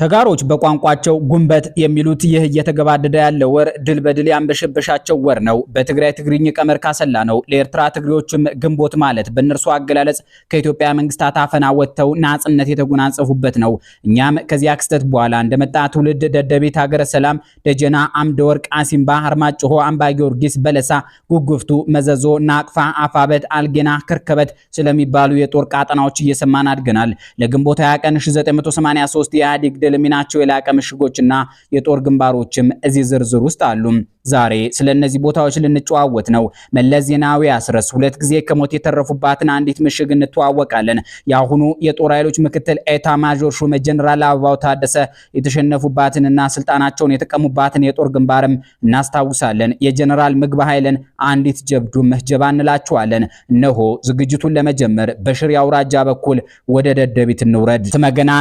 ተጋሮች በቋንቋቸው ጉንበት የሚሉት ይህ እየተገባደደ ያለ ወር ድል በድል ያንበሸበሻቸው ወር ነው። በትግራይ ትግርኝ ቀመር ካሰላ ነው። ለኤርትራ ትግሬዎችም ግንቦት ማለት በእነርሱ አገላለጽ ከኢትዮጵያ መንግስታት አፈና ወጥተው ናጽነት የተጎናጸፉበት ነው። እኛም ከዚያ ክስተት በኋላ እንደመጣ ትውልድ ደደቤት፣ ሀገረ ሰላም፣ ደጀና፣ አምደ ወርቅ፣ አሲምባ፣ አርማጭሆ፣ አምባ ጊዮርጊስ፣ በለሳ፣ ጉጉፍቱ፣ መዘዞ፣ ናቅፋ፣ አፋበት፣ አልጌና፣ ክርከበት ስለሚባሉ የጦር ቃጠናዎች እየሰማን አድገናል። ለግንቦት 20 ቀን 1983 የኢህአዴግ ድል ሚናቸው የላቀ ምሽጎችና የጦር ግንባሮችም እዚህ ዝርዝር ውስጥ አሉ። ዛሬ ስለ እነዚህ ቦታዎች ልንጨዋወት ነው። መለስ ዜናዊ አስረስ ሁለት ጊዜ ከሞት የተረፉባትን አንዲት ምሽግ እንተዋወቃለን። የአሁኑ የጦር ኃይሎች ምክትል ኤታ ማዦር ሹም ጀነራል አበባው ታደሰ የተሸነፉባትንና ስልጣናቸውን የተቀሙባትን የጦር ግንባርም እናስታውሳለን። የጀነራል ምግብ ኃይልን አንዲት ጀብዱም ጀባ እንላችኋለን። እነሆ ዝግጅቱን ለመጀመር በሽሬ አውራጃ በኩል ወደ ደደቢት እንውረድ። ትመገናኗ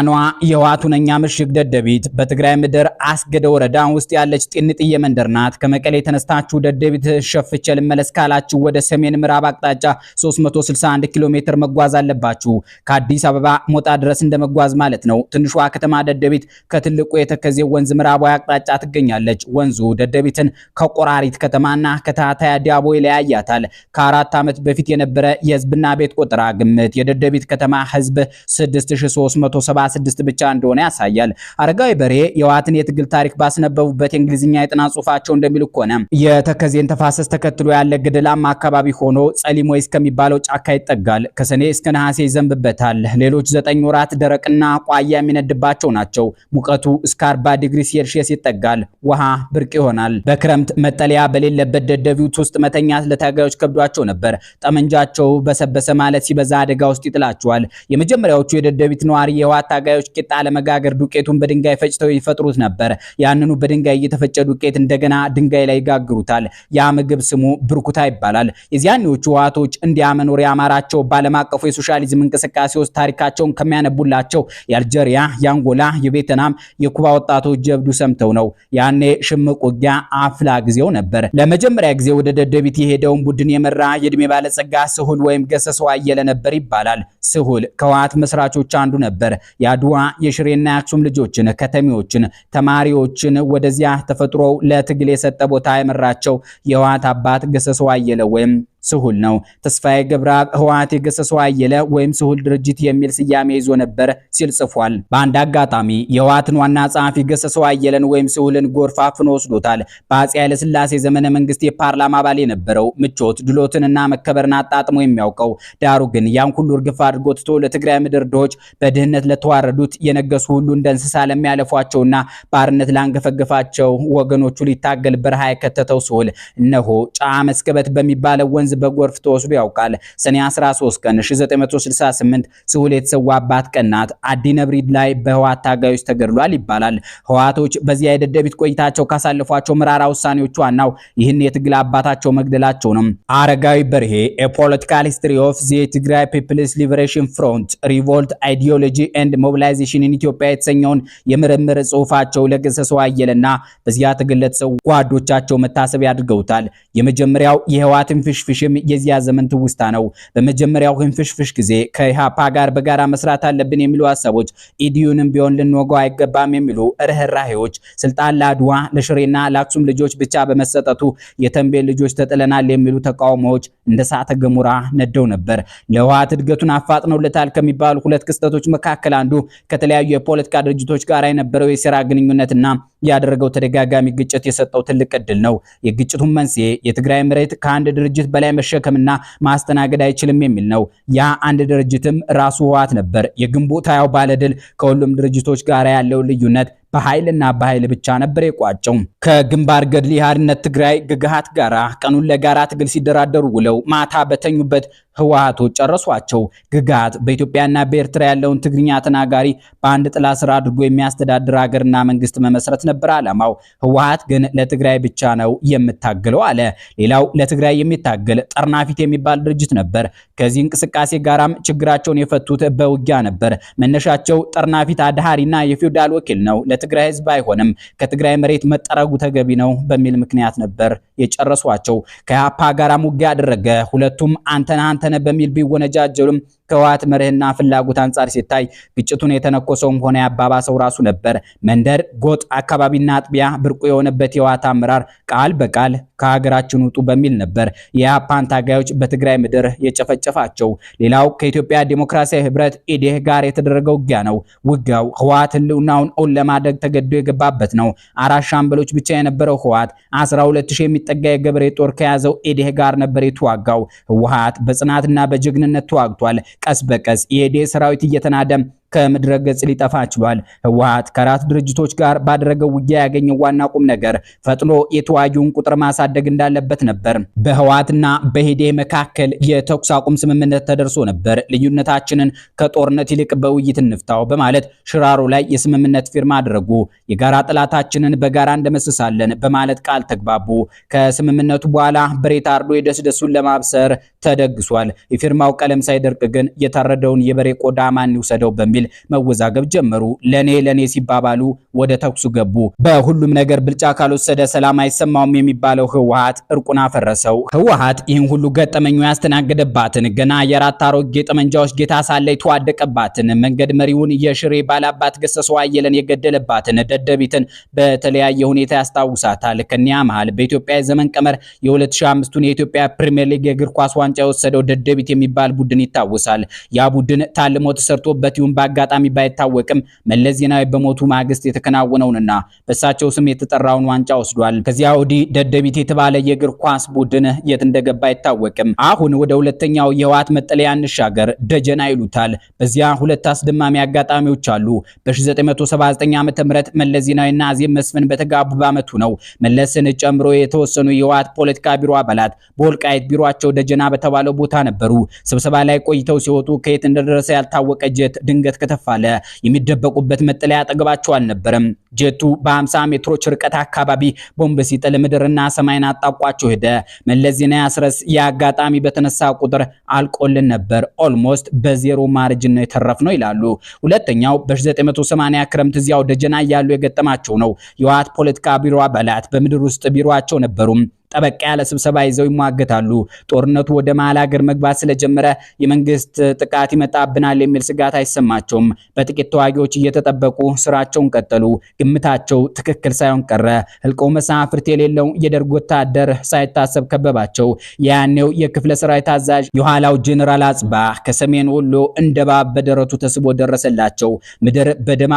የዋቱነኛ ምሽግ እሽግ ደደቢት በትግራይ ምድር አስገደ ወረዳ ውስጥ ያለች ጤንጥዬ መንደር ናት። ከመቀሌ የተነስታችሁ ደደቢት ሸፍቼ ልመለስ ካላችሁ ወደ ሰሜን ምዕራብ አቅጣጫ 361 ኪሎ ሜትር መጓዝ አለባችሁ። ከአዲስ አበባ ሞጣ ድረስ እንደመጓዝ ማለት ነው። ትንሿ ከተማ ደደቢት ከትልቁ የተከዜ ወንዝ ምዕራባዊ አቅጣጫ ትገኛለች። ወንዙ ደደቢትን ከቆራሪት ከተማና ከታታያ ዲያቦ ይለያያታል። ከአራት ዓመት በፊት የነበረ የህዝብና ቤት ቆጠራ ግምት የደደቢት ከተማ ህዝብ 6376 ብቻ እንደሆነ ያሳያል። ይገኛል። አረጋዊ በሬ የህወሓትን የትግል ታሪክ ባስነበቡበት የእንግሊዝኛ የጥናት ጽሁፋቸው እንደሚል ከሆነ የተከዜን ተፋሰስ ተከትሎ ያለ ገደላማ አካባቢ ሆኖ ጸሊሞ እስከሚባለው ጫካ ይጠጋል። ከሰኔ እስከ ነሐሴ ይዘንብበታል። ሌሎች ዘጠኝ ወራት ደረቅና ቋያ የሚነድባቸው ናቸው። ሙቀቱ እስከ 40 ዲግሪ ሴልሺየስ ይጠጋል። ውሃ ብርቅ ይሆናል። በክረምት መጠለያ በሌለበት ደደቢት ውስጥ መተኛት ለታጋዮች ከብዷቸው ነበር። ጠመንጃቸው በሰበሰ ማለት ሲበዛ አደጋ ውስጥ ይጥላቸዋል። የመጀመሪያዎቹ የደደቢት ነዋሪ የህወሓት ታጋዮች ቂጣ ለመጋገር ዱቄት ዱቄቱን በድንጋይ ፈጭተው ይፈጥሩት ነበር። ያንኑ በድንጋይ እየተፈጨ ዱቄት እንደገና ድንጋይ ላይ ይጋግሩታል። ያ ምግብ ስሙ ብርኩታ ይባላል። የዚያኔዎቹ ህወሓቶች እንዲያ መኖር ያማራቸው በዓለም አቀፉ የሶሻሊዝም እንቅስቃሴ ውስጥ ታሪካቸውን ከሚያነቡላቸው የአልጀሪያ፣ የአንጎላ፣ የቬትናም፣ የኩባ ወጣቶች ጀብዱ ሰምተው ነው። ያኔ ሽምቅ ውጊያ አፍላ ጊዜው ነበር። ለመጀመሪያ ጊዜ ወደ ደደቢት የሄደውን ቡድን የመራ የእድሜ ባለጸጋ ስሁል ወይም ገሰሰው አየለ ነበር ይባላል። ስሁል ከህወሓት መስራቾች አንዱ ነበር። የአድዋ የሽሬና የአክሱም ልጆችን፣ ከተሜዎችን፣ ተማሪዎችን ወደዚያ ተፈጥሮ ለትግል የሰጠ ቦታ የመራቸው የህወሓት አባት ገሰሰው አየለ ወይም ስሁል ነው። ተስፋዬ ገብረአብ ህወሓት የገሰሰው አየለ ወይም ስሁል ድርጅት የሚል ስያሜ ይዞ ነበር ሲል ጽፏል። በአንድ አጋጣሚ የህወሓትን ዋና ጸሐፊ ገሰሰው አየለን ወይም ስሁልን ጎርፍ አፍኖ ወስዶታል። በአፄ ኃይለስላሴ ዘመነ መንግስት የፓርላማ አባል የነበረው ምቾት፣ ድሎትንና መከበርን አጣጥሞ የሚያውቀው ዳሩ ግን ያን ሁሉ እርግፍ አድርጎ ትቶ ለትግራይ ምድር ድሆች በድህነት ለተዋረዱት የነገሱ ሁሉ እንደ እንስሳ ለሚያለፏቸውና ባርነት ላንገፈገፋቸው ወገኖቹ ሊታገል በረሃ የከተተው ስሁል እነሆ ጫ መስከበት በሚባለው ወንዝ በጎርፍ ተወስዶ ያውቃል። ሰኔ 13 ቀን 1968 ስሁል የተሰዋባት ቀናት አዲነብሪድ አዲ ነብሪድ ላይ በህወሓት ታጋዮች ተገድሏል ይባላል። ህዋቶች በዚያ የደደቢት ቆይታቸው ካሳለፏቸው መራራ ውሳኔዎች ዋናው ይህን የትግል አባታቸው መግደላቸው ነው። አረጋዊ በርሄ የፖለቲካል ሂስትሪ ኦፍ ዘ ትግራይ ፒፕልስ ሊበሬሽን ፍሮንት ሪቮልት አይዲዮሎጂ ኤንድ ሞቢላይዜሽን ኢን ኢትዮጵያ የተሰኘውን የምርምር ጽሁፋቸው ለገሰሰው አየለና በዚያ ትግል ለተሰው ጓዶቻቸው መታሰቢያ አድርገውታል። የመጀመሪያው የህዋትን ፍሽፍሽ ህንፍሽም የዚያ ዘመን ትውስታ ነው። በመጀመሪያው ህንፍሽፍሽ ጊዜ ከኢሃፓ ጋር በጋራ መስራት አለብን የሚሉ ሀሳቦች ኢዲዩንም ቢሆን ልንወጋው አይገባም የሚሉ ርህራሄዎች፣ ስልጣን ለአድዋ ለሽሬና ለአክሱም ልጆች ብቻ በመሰጠቱ የተንቤን ልጆች ተጥለናል የሚሉ ተቃውሞዎች እንደ እሳተ ገሞራ ነደው ነበር። ለህወሓት እድገቱን አፋጥነውለታል ከሚባሉ ሁለት ክስተቶች መካከል አንዱ ከተለያዩ የፖለቲካ ድርጅቶች ጋር የነበረው የሴራ ግንኙነትና ያደረገው ተደጋጋሚ ግጭት የሰጠው ትልቅ እድል ነው። የግጭቱን መንስኤ የትግራይ መሬት ከአንድ ድርጅት በላይ መሸከምና ማስተናገድ አይችልም የሚል ነው። ያ አንድ ድርጅትም ራሱ ህወሓት ነበር። የግንቦት ሃያው ባለድል ከሁሉም ድርጅቶች ጋር ያለው ልዩነት በኃይልና በኃይል ብቻ ነበር የቋጨው። ከግንባር ገድሊ የሃርነት ትግራይ ግግሃት ጋራ ቀኑን ለጋራ ትግል ሲደራደሩ ውለው ማታ በተኙበት ህወሓቶች ጨረሷቸው። ግጋት በኢትዮጵያና በኤርትራ ያለውን ትግርኛ ተናጋሪ በአንድ ጥላ ስር አድርጎ የሚያስተዳድር ሀገርና መንግስት መመስረት ነበር አላማው ህወሓት ግን ለትግራይ ብቻ ነው የምታገለው አለ። ሌላው ለትግራይ የሚታገል ጠርናፊት የሚባል ድርጅት ነበር። ከዚህ እንቅስቃሴ ጋራም ችግራቸውን የፈቱት በውጊያ ነበር። መነሻቸው ጠርናፊት አድሃሪና የፊውዳል ወኪል ነው፣ ለትግራይ ህዝብ አይሆንም፣ ከትግራይ መሬት መጠረጉ ተገቢ ነው በሚል ምክንያት ነበር የጨረሷቸው። ከያፓ ጋራ ሙጊያ አደረገ። ሁለቱም አንተነህ አንተነህ በሚል ቢወነጃጀሉም ከህወሓት መርህና ፍላጎት አንጻር ሲታይ ግጭቱን የተነኮሰውም ሆነ ያባባሰው ራሱ ነበር። መንደር፣ ጎጥ፣ አካባቢና አጥቢያ ብርቁ የሆነበት የህወሓት አመራር ቃል በቃል ከሀገራችን ውጡ በሚል ነበር የኢህአፓን ታጋዮች በትግራይ ምድር የጨፈጨፋቸው። ሌላው ከኢትዮጵያ ዴሞክራሲያዊ ህብረት ኢዴህ ጋር የተደረገው ውጊያ ነው። ውጊያው ህወሓት ህልውናውን እውን ለማድረግ ተገዶ የገባበት ነው። አራት ሻምበሎች ብቻ የነበረው ህወሓት 12000 የሚጠጋ የገበሬ ጦር ከያዘው ኢዴህ ጋር ነበር የተዋጋው። ህወሓት በጽናትና በጀግንነት ተዋግቷል። ቀስ በቀስ የኢህዴ ሰራዊት እየተናደ ከምድረ ገጽ ሊጠፋ ችሏል። ህወሓት ከአራት ድርጅቶች ጋር ባደረገው ውጊያ ያገኘው ዋና ቁም ነገር ፈጥኖ የተዋጊውን ቁጥር ማሳደግ እንዳለበት ነበር። በህወሓትና በሄዴ መካከል የተኩስ አቁም ስምምነት ተደርሶ ነበር። ልዩነታችንን ከጦርነት ይልቅ በውይይት እንፍታው በማለት ሽራሮ ላይ የስምምነት ፊርማ አደረጉ። የጋራ ጠላታችንን በጋራ እንደመስሳለን በማለት ቃል ተግባቡ። ከስምምነቱ በኋላ በሬ አርዶ የደስደሱን ለማብሰር ተደግሷል። የፊርማው ቀለም ሳይደርቅ ግን የታረደውን የበሬ ቆዳ ማን ይውሰደው በሚል በሚል መወዛገብ ጀመሩ። ለኔ ለኔ ሲባባሉ ወደ ተኩሱ ገቡ። በሁሉም ነገር ብልጫ ካልወሰደ ሰላም አይሰማውም የሚባለው ህወሀት እርቁን አፈረሰው። ህወሀት ይህን ሁሉ ገጠመኙ ያስተናገደባትን ገና የአራት አሮጌ ጠመንጃዎች ጌታ ሳለ የተዋደቀባትን መንገድ መሪውን የሽሬ ባላባት ገሰሰ አየለን የገደለባትን ደደቢትን በተለያየ ሁኔታ ያስታውሳታል። ከኒያ መሃል በኢትዮጵያ የዘመን ቀመር የ2005ቱን የኢትዮጵያ ፕሪሚየር ሊግ የእግር ኳስ ዋንጫ የወሰደው ደደቢት የሚባል ቡድን ይታወሳል። ያ ቡድን ታልሞ ተሰርቶበት ይሁን አጋጣሚ ባይታወቅም መለስ ዜናዊ በሞቱ ማግስት የተከናወነውንና በእሳቸው ስም የተጠራውን ዋንጫ ወስዷል። ከዚያ ወዲህ ደደቢት የተባለ የእግር ኳስ ቡድን የት እንደገባ አይታወቅም። አሁን ወደ ሁለተኛው የህወሓት መጠለያ እንሻገር። ደጀና ይሉታል። በዚያ ሁለት አስደማሚ አጋጣሚዎች አሉ። በ1979 ዓ.ም መለስ ዜናዊና አዜብ መስፍን በተጋቡ በዓመቱ ነው። መለስን ጨምሮ የተወሰኑ የህወሓት ፖለቲካ ቢሮ አባላት በወልቃይት ቢሮአቸው ደጀና በተባለው ቦታ ነበሩ። ስብሰባ ላይ ቆይተው ሲወጡ ከየት እንደደረሰ ያልታወቀ ጀት ድንገት መሬት ከተፍ አለ። የሚደበቁበት መጠለያ አጠገባቸው አልነበረም። ጀቱ በ50 ሜትሮች ርቀት አካባቢ ቦምብ ሲጥል ምድርና ሰማይን አጣቋቸው ሄደ። መለስ ዜናዊ አስረስ የአጋጣሚ በተነሳ ቁጥር አልቆልን ነበር፣ ኦልሞስት በዜሮ ማርጅን ነው ነው ይላሉ። ሁለተኛው በ1980 ክረምት እዚያው ደጀና እያሉ የገጠማቸው ነው። የህወሓት ፖለቲካ ቢሮ አባላት በምድር ውስጥ ቢሮቸው ነበሩ። ጠበቅ ያለ ስብሰባ ይዘው ይሟገታሉ። ጦርነቱ ወደ መሀል ሀገር መግባት ስለጀመረ የመንግስት ጥቃት ይመጣብናል የሚል ስጋት አይሰማቸውም። በጥቂት ተዋጊዎች እየተጠበቁ ስራቸውን ቀጠሉ። ግምታቸው ትክክል ሳይሆን ቀረ። ህልቆ መሳፍርት የሌለው የደርግ ወታደር ሳይታሰብ ከበባቸው። የያኔው የክፍለ ሰራዊት አዛዥ የኋላው ጄኔራል አጽባ ከሰሜን ወሎ እንደ እባብ በደረቱ ተስቦ ደረሰላቸው። ምድር በደም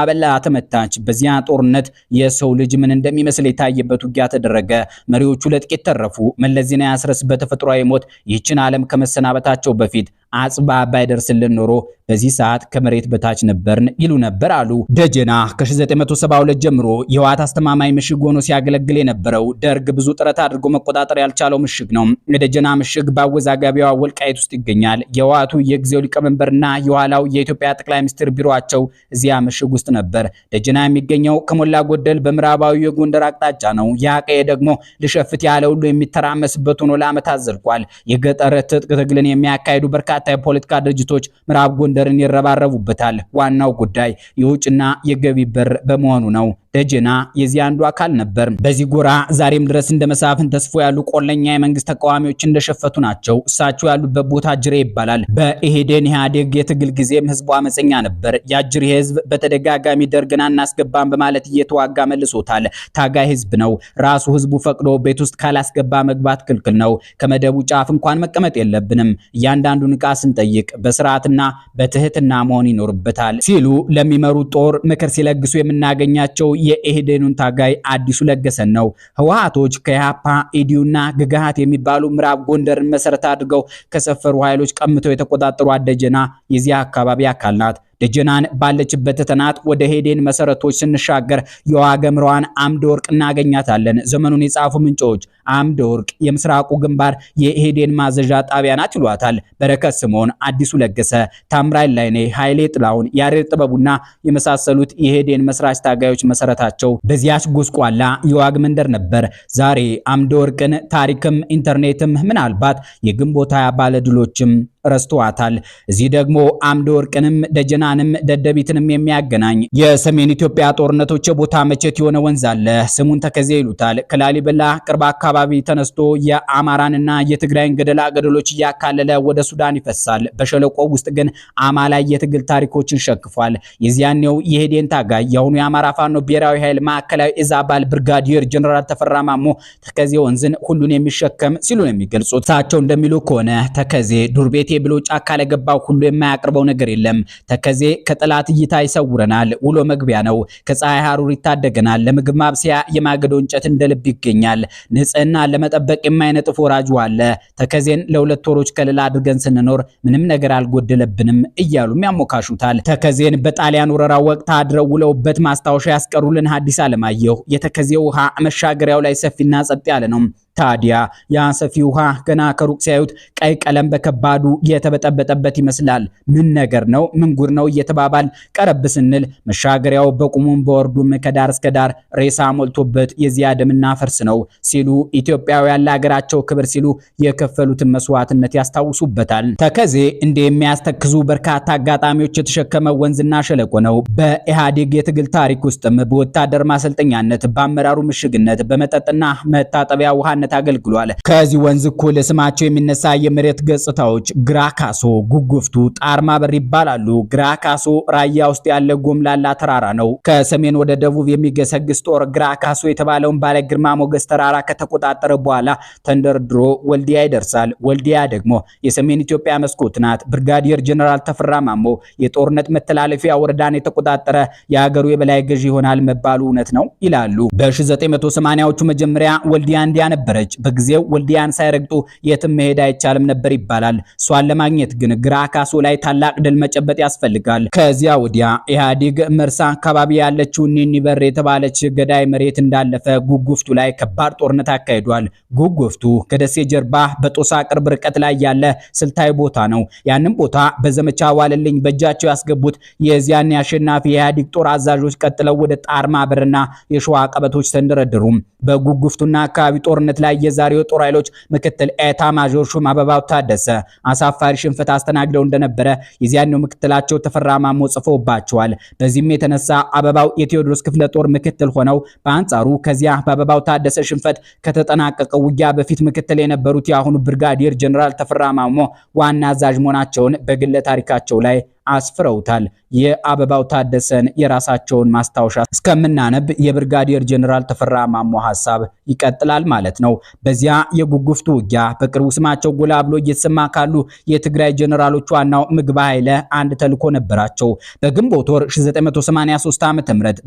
ተመታች። በዚያ ጦርነት የሰው ልጅ ምን እንደሚመስል የታየበት ውጊያ ተደረገ። መሪዎቹ ለጥቂት ሲተረፉ መለስ ዜናዊ አስረስ በተፈጥሯዊ ሞት ይህችን ዓለም ከመሰናበታቸው በፊት አጽባ ባይደርስልን ኖሮ በዚህ ሰዓት ከመሬት በታች ነበርን ይሉ ነበር አሉ። ደጀና ከ1972 ጀምሮ የህወሓት አስተማማኝ ምሽግ ሆኖ ሲያገለግል የነበረው ደርግ ብዙ ጥረት አድርጎ መቆጣጠር ያልቻለው ምሽግ ነው። የደጀና ምሽግ በአወዛጋቢዋ ወልቃይት ውስጥ ይገኛል። የህወሓቱ የጊዜው ሊቀመንበርና የኋላው የኢትዮጵያ ጠቅላይ ሚኒስትር ቢሮቸው እዚያ ምሽግ ውስጥ ነበር። ደጀና የሚገኘው ከሞላ ጎደል በምዕራባዊ የጎንደር አቅጣጫ ነው። ያ ደግሞ ልሸፍት ያለ ሁሉ የሚተራመስበት ሆኖ ለዓመታት ዘልቋል። የገጠር ትጥቅ ትግልን የሚያካሂዱ በርካታ በርካታ የፖለቲካ ድርጅቶች ምዕራብ ጎንደርን ይረባረቡበታል። ዋናው ጉዳይ የውጭና የገቢ በር በመሆኑ ነው። ደጀና የዚህ አንዱ አካል ነበር። በዚህ ጎራ ዛሬም ድረስ እንደ መሳፍን ተስፎ ያሉ ቆለኛ የመንግስት ተቃዋሚዎች እንደሸፈቱ ናቸው። እሳቸው ያሉበት ቦታ ጅሬ ይባላል። በኢሄደን ኢህአዴግ የትግል ጊዜም ህዝቡ አመፀኛ ነበር። ያጅሬ ህዝብ በተደጋጋሚ ደርግን አናስገባም በማለት እየተዋጋ መልሶታል። ታጋይ ህዝብ ነው። ራሱ ህዝቡ ፈቅዶ ቤት ውስጥ ካላስገባ መግባት ክልክል ነው። ከመደቡ ጫፍ እንኳን መቀመጥ የለብንም። እያንዳንዱን እቃ ስንጠይቅ በስርዓትና በትህትና መሆን ይኖርበታል ሲሉ ለሚመሩት ጦር ምክር ሲለግሱ የምናገኛቸው የኢህዴኑን ታጋይ አዲሱ ለገሰን ነው። ህወሃቶች ከያፓ ኢዲዩና ግግሃት የሚባሉ ምዕራብ ጎንደርን መሰረት አድርገው ከሰፈሩ ኃይሎች ቀምተው የተቆጣጠሩ አደጀና የዚያ አካባቢ አካል ናት። ደጀናን ባለችበት ተናት ወደ ሄዴን መሰረቶች ስንሻገር የዋገምራዋን አምደ ወርቅ እናገኛታለን። ዘመኑን የጻፉ ምንጮች አምደ ወርቅ የምስራቁ ግንባር የሄዴን ማዘዣ ጣቢያ ናት ይሏታል። በረከት ስምዖን፣ አዲሱ ለገሰ፣ ታምራይ ላይኔ፣ ኃይሌ ጥላሁን፣ ያሬድ ጥበቡና የመሳሰሉት የሄዴን መስራች ታጋዮች መሰረታቸው በዚያች ጎስቋላ የዋግ መንደር ነበር። ዛሬ አምደ ወርቅን ታሪክም ኢንተርኔትም ምናልባት የግንቦት ሃያ ባለድሎችም ረስቷታል። እዚህ ደግሞ አምደ ወርቅንም ደጀናንም ደደቢትንም የሚያገናኝ የሰሜን ኢትዮጵያ ጦርነቶች ቦታ መቼት የሆነ ወንዝ አለ። ስሙን ተከዜ ይሉታል። ከላሊበላ ቅርብ አካባቢ ተነስቶ የአማራንና የትግራይን ገደላ ገደሎች እያካለለ ወደ ሱዳን ይፈሳል። በሸለቆ ውስጥ ግን አማላይ የትግል ታሪኮችን ሸክፏል። የዚያኔው የሄዴን ታጋይ የአሁኑ የአማራ ፋኖ ብሔራዊ ኃይል ማዕከላዊ እዝ አባል ብርጋዲየር ጀነራል ተፈራ ማሞ ተከዜ ወንዝን ሁሉን የሚሸከም ሲሉ ነው የሚገልጹት። እሳቸው እንደሚሉ ከሆነ ተከዜ ዱርቤት ቤቴ ብሎ ጫካ ለገባው ሁሉ የማያቀርበው ነገር የለም። ተከዜ ከጠላት እይታ ይሰውረናል። ውሎ መግቢያ ነው። ከፀሐይ ሐሩር ይታደገናል። ለምግብ ማብሰያ የማገዶ እንጨት እንደ ልብ ይገኛል። ንጽህና ለመጠበቅ የማይነጥፍ ወራጅ አለ። ተከዜን ለሁለት ወሮች ከለላ አድርገን ስንኖር ምንም ነገር አልጎደለብንም እያሉም ያሞካሹታል። ተከዜን በጣሊያን ወረራ ወቅት አድረው ውለውበት ማስታወሻ ያስቀሩልን ሐዲስ አለማየሁ የተከዜ ውሃ መሻገሪያው ላይ ሰፊና ጸጥ ያለ ነው። ታዲያ ያ ሰፊ ውሃ ገና ከሩቅ ሲያዩት ቀይ ቀለም በከባዱ የተበጠበጠበት ይመስላል። ምን ነገር ነው? ምን ጉድ ነው? እየተባባል ቀረብ ስንል መሻገሪያው በቁሙም በወርዱም ከዳር እስከ ዳር ሬሳ ሞልቶበት የዚያ ደምና ፈርስ ነው ሲሉ ኢትዮጵያውያን ለሀገራቸው ክብር ሲሉ የከፈሉትን መስዋዕትነት ያስታውሱበታል። ተከዜ እንደ የሚያስተክዙ በርካታ አጋጣሚዎች የተሸከመ ወንዝና ሸለቆ ነው። በኢህአዴግ የትግል ታሪክ ውስጥም በወታደር ማሰልጠኛነት፣ በአመራሩ ምሽግነት፣ በመጠጥና መታጠቢያ ውሃ መነሻነት አገልግሏል። ከዚህ ወንዝ እኩል ስማቸው የሚነሳ የመሬት ገጽታዎች ግራካሶ ጉጉፍቱ፣ ጣርማ በር ይባላሉ። ግራካሶ ራያ ውስጥ ያለ ጎምላላ ተራራ ነው። ከሰሜን ወደ ደቡብ የሚገሰግስ ጦር ግራካሶ የተባለውን ባለ ግርማ ሞገስ ተራራ ከተቆጣጠረ በኋላ ተንደርድሮ ወልዲያ ይደርሳል። ወልዲያ ደግሞ የሰሜን ኢትዮጵያ መስኮት ናት። ብርጋዲየር ጀነራል ተፈራ ማሞ የጦርነት መተላለፊያ ወረዳን የተቆጣጠረ የሀገሩ የበላይ ገዢ ይሆናል መባሉ እውነት ነው ይላሉ። በ1980ዎቹ መጀመሪያ ወልዲያ እንዲያ ነበር ነበረች። በጊዜው ወልዲያን ሳይረግጡ የትም መሄድ አይቻልም ነበር ይባላል። እሷን ለማግኘት ግን ግራ ካሱ ላይ ታላቅ ድል መጨበጥ ያስፈልጋል። ከዚያ ወዲያ ኢህአዴግ መርሳ አካባቢ ያለችው ኒኒበር የተባለች ገዳይ መሬት እንዳለፈ ጉጉፍቱ ላይ ከባድ ጦርነት አካሂዷል። ጉጉፍቱ ከደሴ ጀርባ በጦሳ ቅርብ ርቀት ላይ ያለ ስልታዊ ቦታ ነው። ያንን ቦታ በዘመቻ ዋለልኝ በእጃቸው ያስገቡት የዚያን አሸናፊ የኢህአዴግ ጦር አዛዦች ቀጥለው ወደ ጣርማ በርና የሸዋ ቀበቶች ተንደረደሩ። በጉጉፍቱና አካባቢ ጦርነት ላይ የዛሬው ጦር ኃይሎች ምክትል ኤታ ማዦር ሹም አበባው ታደሰ አሳፋሪ ሽንፈት አስተናግደው እንደነበረ የዚያኔው ምክትላቸው ተፈራ ማሞ ጽፎባቸዋል። በዚህም የተነሳ አበባው የቴዎድሮስ ክፍለ ጦር ምክትል ሆነው በአንጻሩ ከዚያ በአበባው ታደሰ ሽንፈት ከተጠናቀቀው ውጊያ በፊት ምክትል የነበሩት የአሁኑ ብርጋዴር ጀኔራል ተፈራ ማሞ ዋና አዛዥ መሆናቸውን በግለ ታሪካቸው ላይ አስፍረውታል። የአበባው ታደሰን የራሳቸውን ማስታወሻ እስከምናነብ የብርጋዴር ጀኔራል ተፈራ ማሞ ሀሳብ ይቀጥላል ማለት ነው። በዚያ የጉጉፍቱ ውጊያ በቅርቡ ስማቸው ጎላ ብሎ እየተሰማ ካሉ የትግራይ ጀኔራሎች ዋናው ምግባ ኃይለ አንድ ተልኮ ነበራቸው። በግንቦት ወር ዓ ዓ.ም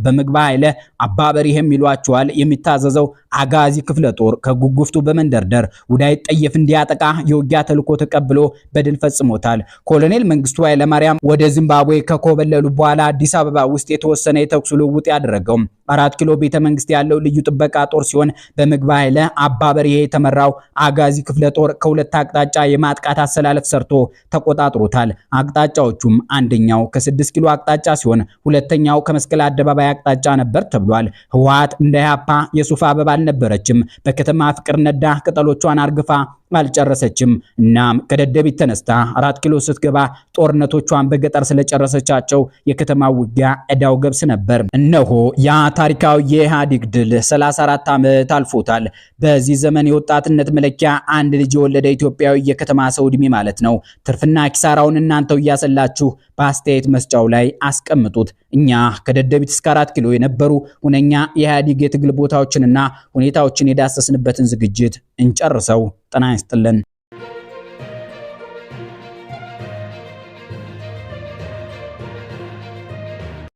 በምግባ ኃይለ አባበሪህ የሚሏቸዋል የሚታዘዘው አጋዚ ክፍለ ጦር ከጉጉፍቱ በመንደርደር ውዳይ ጠየፍ እንዲያጠቃ የውጊያ ተልኮ ተቀብሎ በድል ፈጽሞታል። ኮሎኔል መንግስቱ ኃይለማርያም ወደ ዚምባብዌ ከኮበለሉ በኋላ አዲስ አበባ ውስጥ የተወሰነ የተኩስ ልውውጥ ያደረገው አራት ኪሎ ቤተ መንግስት ያለው ልዩ ጥበቃ ጦር ሲሆን በምግብ ኃይለ አባበርሄ የተመራው አጋዚ ክፍለ ጦር ከሁለት አቅጣጫ የማጥቃት አሰላለፍ ሰርቶ ተቆጣጥሮታል። አቅጣጫዎቹም አንደኛው ከስድስት ኪሎ አቅጣጫ ሲሆን ሁለተኛው ከመስቀል አደባባይ አቅጣጫ ነበር ተብሏል። ህወሓት እንደ ያፓ የሱፍ አበባ አልነበረችም። በከተማ ፍቅር ነዳ ቅጠሎቿን አርግፋ አልጨረሰችም። እናም ከደደቢት ተነስታ አራት ኪሎ ስትገባ ጦርነቶቿን በገጠር ስለጨረሰቻቸው የከተማ ውጊያ እዳው ገብስ ነበር። እነሆ ያ ታሪካዊ የኢህአዴግ ድል 34 ዓመት አልፎታል። በዚህ ዘመን የወጣትነት መለኪያ አንድ ልጅ የወለደ ኢትዮጵያዊ የከተማ ሰው ዕድሜ ማለት ነው። ትርፍና ኪሳራውን እናንተው እያሰላችሁ በአስተያየት መስጫው ላይ አስቀምጡት። እኛ ከደደቢት እስከ አራት ኪሎ የነበሩ ሁነኛ የኢህአዴግ የትግል ቦታዎችንና ሁኔታዎችን የዳሰስንበትን ዝግጅት እንጨርሰው። ጤና ይስጥልን።